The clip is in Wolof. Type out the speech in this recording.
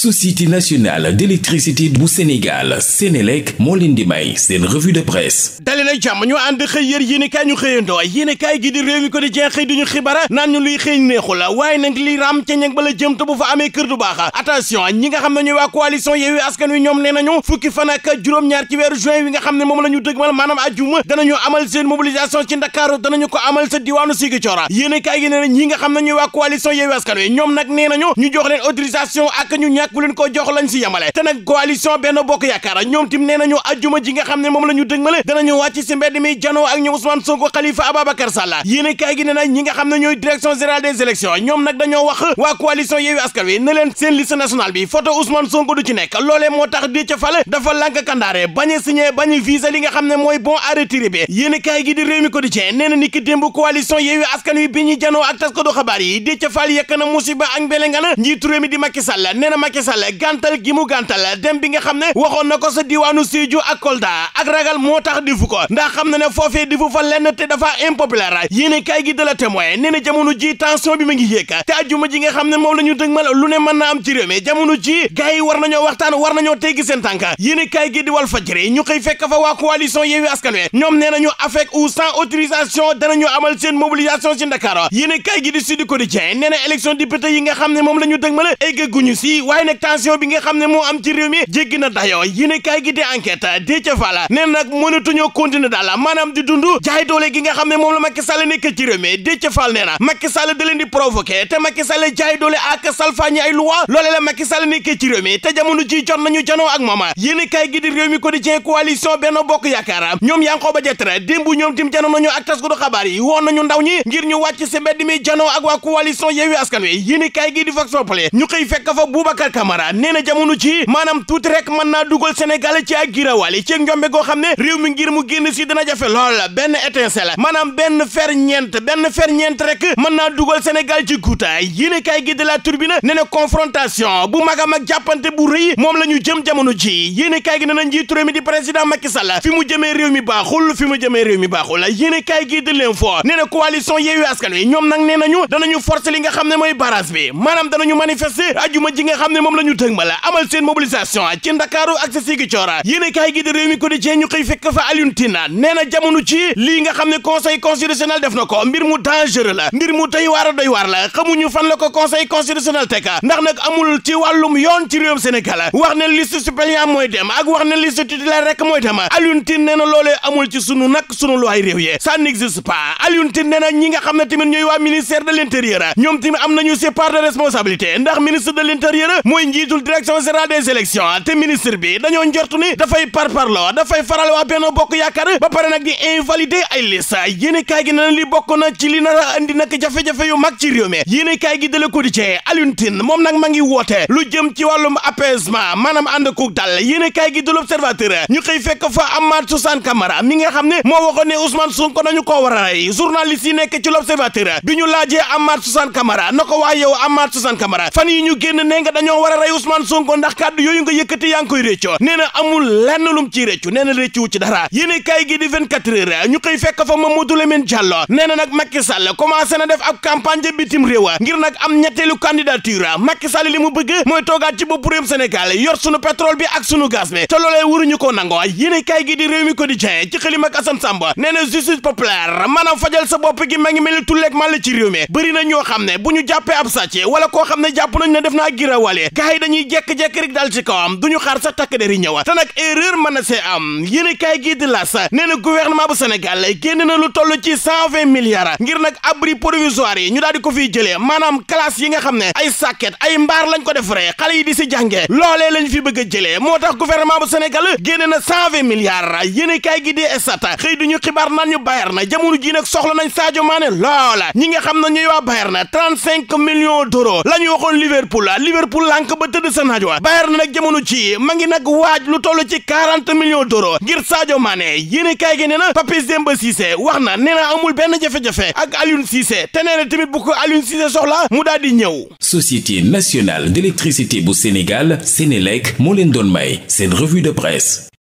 société nationale d'électricité bu Sénégal Sénélec moo di may seen revue de presse dali na jàmm ñu ànd xëy yér yéenekaay ñu xëyandoo yéenekaay gi di réew mi ko di jeex xëy duñu xibara naan ñu luy xëy neexu la waaye nag li ram ca ñeg bala jëm te bu fa amee kër du baax attention ñi nga xam ne ñooy waa coalition Yewwi Askan juróom-ñaar ci weeru juin wi nga xam ne moom la ñu dëgmal maanaam ajjuma danañu amal seen mobilisation ci amal sa diwaanu Ziguinchor yéenekaay gi nee nag ku leen ko jox lañ si yemale te nag coalition benn bokk yaakaar ñoom tim nee nañu ajjuma ji nga xam ne moom la ñu dëgmale danañu wàcc si mbedd mi janoo ak ñoom Ousmane Sonko Khalifa Ababacar Sall yéene kaay gi ne nag ñi nga xam ne ñooy direction générale des élections ñoom nag dañoo wax waa coalition Yewwi Askan ne mooy bon à retirer bi yéene gi di réew mi quotidien nee na ni ki démb coalition Yewwi Askan Wi bi ñuy janoo ak taskatu xabaar yi di di Macky Macky Sall gàntal gi mu gàntal dem bi nga xam ne waxoon na ko diwaanu Sédhiou ak Kolda ak moo tax difu ko ndax xam na ne difu fa lenn te dafa impopulaire yéene kay gi la témoin nee na jamono ji tension bi mu ngi yéeg te ajuma ji xam ne moom la ñu dëgmal lu ne mën na am ci réew mi jamono ji gars yi war nañoo waxtaan war nañoo teggi seen tànk yéene kay gi di Walf Fadjri ñu xëy fekk fa waa coalition Yewwi Askan Wi ñoom nee na ñu dëgmal eggaguñu si nag tension bi nga xam ne moo am ci réew mi jéggi na dayoo yéene kaay gi di enquête Déthié Fall nee nag mënatuñoo continuer daal maanaam di dund jaay doole gi nga xam ne moom la Macky Sall nekk ci réew mi Déthié Fall nee na Macky Sall da leen te Macky Sall jaay doole ak ay loi loolee la Macky Sall nekk ci réew mi te jamono ji jot nañu janoo ak moom yéene kaay gi di réew mi Benno Bokk Yaakaar ñoom Yankhoba Diattara démb ñoom tim janoo nañu mi janoo ak Camara nee na jamono ji maanaam tuuti rek mën naa dugal Sénégal ci ak girawaale ci njombe goo xam ne réew mi ngir mu génn si dana jafe lool benn étincelle maanaam benn fer ñeent benn fer ñeent rek mën naa dugal Sénégal ci guutaay yéene kaay gi de la turbine nee na bu mag a mag jàppante bu rëy moom la ñu jëm jamono ji yéene kaay gi nee na njiitu mi di président Macky Sall fi mu jëmee réew mi baaxul fi mu jëmee réew mi baaxul yéene kaay gi de l'info nee na coalition Yewwi Askan Wi li nga xam ne mooy barrage bi maanaam danañu moom la ñu dëgmal amal seen mobilisation ci ndakaaru ak sa Ziguinchor yéene kaay gi di réew mi quotidien ñu xëy fekk fa Alioune Tine nee na jamono ci lii nga xam ne conseil constitutionnel def na ko mbir mu dangereux la mbir mu doy waar a doy waar la xamuñu fan la ko conseil constitutionnel teg ndax nag amul ci wàllum yoon ci réewum Sénégal wax ne liste suppléant mooy dem ak wax ne liste titulaire rek mooy dem Alioune Tine nee na loolee amul ci sunu nag sunu luwaay na ñi nga xam ne tamit ñooy mooy njiitul direction générale des élections te ministre bi dañoo njort ni dafay parparloo dafay faral waa Benno Bokk Yaakaar ba nag di invalider ay liste yéene kaay gi na li bokk na ci li nara andi nag jafe-jafe yu mag ci réew mi yéene gi dale ko di cee moom nag ma woote lu jëm ci wàllum apaisement maanaam ànd ku dal yéene kaay gi de l'Observateur ñu xëy fekk fa Amath Suzanne Camara mi nga xam ne moo waxoon ne Ousmane Sonko ko war a war a rey Ousmane Sonko ndax kàddu yooyu nga yëkkati yaa ngi koy réccu nee na amul lenn lum ci réccu nee na ci dara yéene kaay gi di 24 heures ñu koy fekk fa Mamadou Lamine Diallo nee na nag Macky Sall commencé na def ab campagne ja bitim ngir nag am ñetteelu candidature Macky Sall li mu bëgg mooy toogaat ci bopp réewum Sénégal yor sunu pétrole bi ak sunu gaz bi te loolee waruñu ko nangoo yéene kaay gi di réew mi quotidien ci xëlim ak Assane Samba nee na justice populaire maanaam fajal bopp gi ma ngi mel ni tulleeg màlle ci bëri na ñoo xam ne bu ñu jàppee ab wala koo xam ne jàpp nañ ne def naa girawale gars yi dañuy jekk-jekk rek daal ci kawam duñu xaar sax takk der yi ñëw te nag erreur mën na see am yéen kaay gii di las nee na gouvernement bu Sénégal génn na lu toll ci cent vingt milliards ngir na abri provisoire yi ñu daal di ko fiy jëlee maanaam classe yi nga xam ne ay sàkket ay mbaar lañ ko defaree xale yi di si jàngee loolee lañ fi bëgg a jëlee moo tax gouvernement bu Sénégal génn na cent vingt milliards yéen kaay gii di Stades xëy duñu xibaar naan ñu Bayern na jamono ji nag soxla nañ Sadio Mané loola ñi nga xam ne ñooy waa Bayern na trente cinq la ñu waxoon Liverpool Liverpool lànk ba tëdd seen xajuwaay Bayern nag jamono ci ma ngi nag waaj lu toll ci quarante millions d'euros ngir Sadio Mané yéene kaay gi nee na Papis Demba Cissé wax na nee na benn jafe-jafe ak Aliou Cissé te nee na bu ko Aliou Cissé soxla mu daal di ñëw. Société nationale d'électricité bu Sénégal Sénélec moo leen doon may seen revue de presse.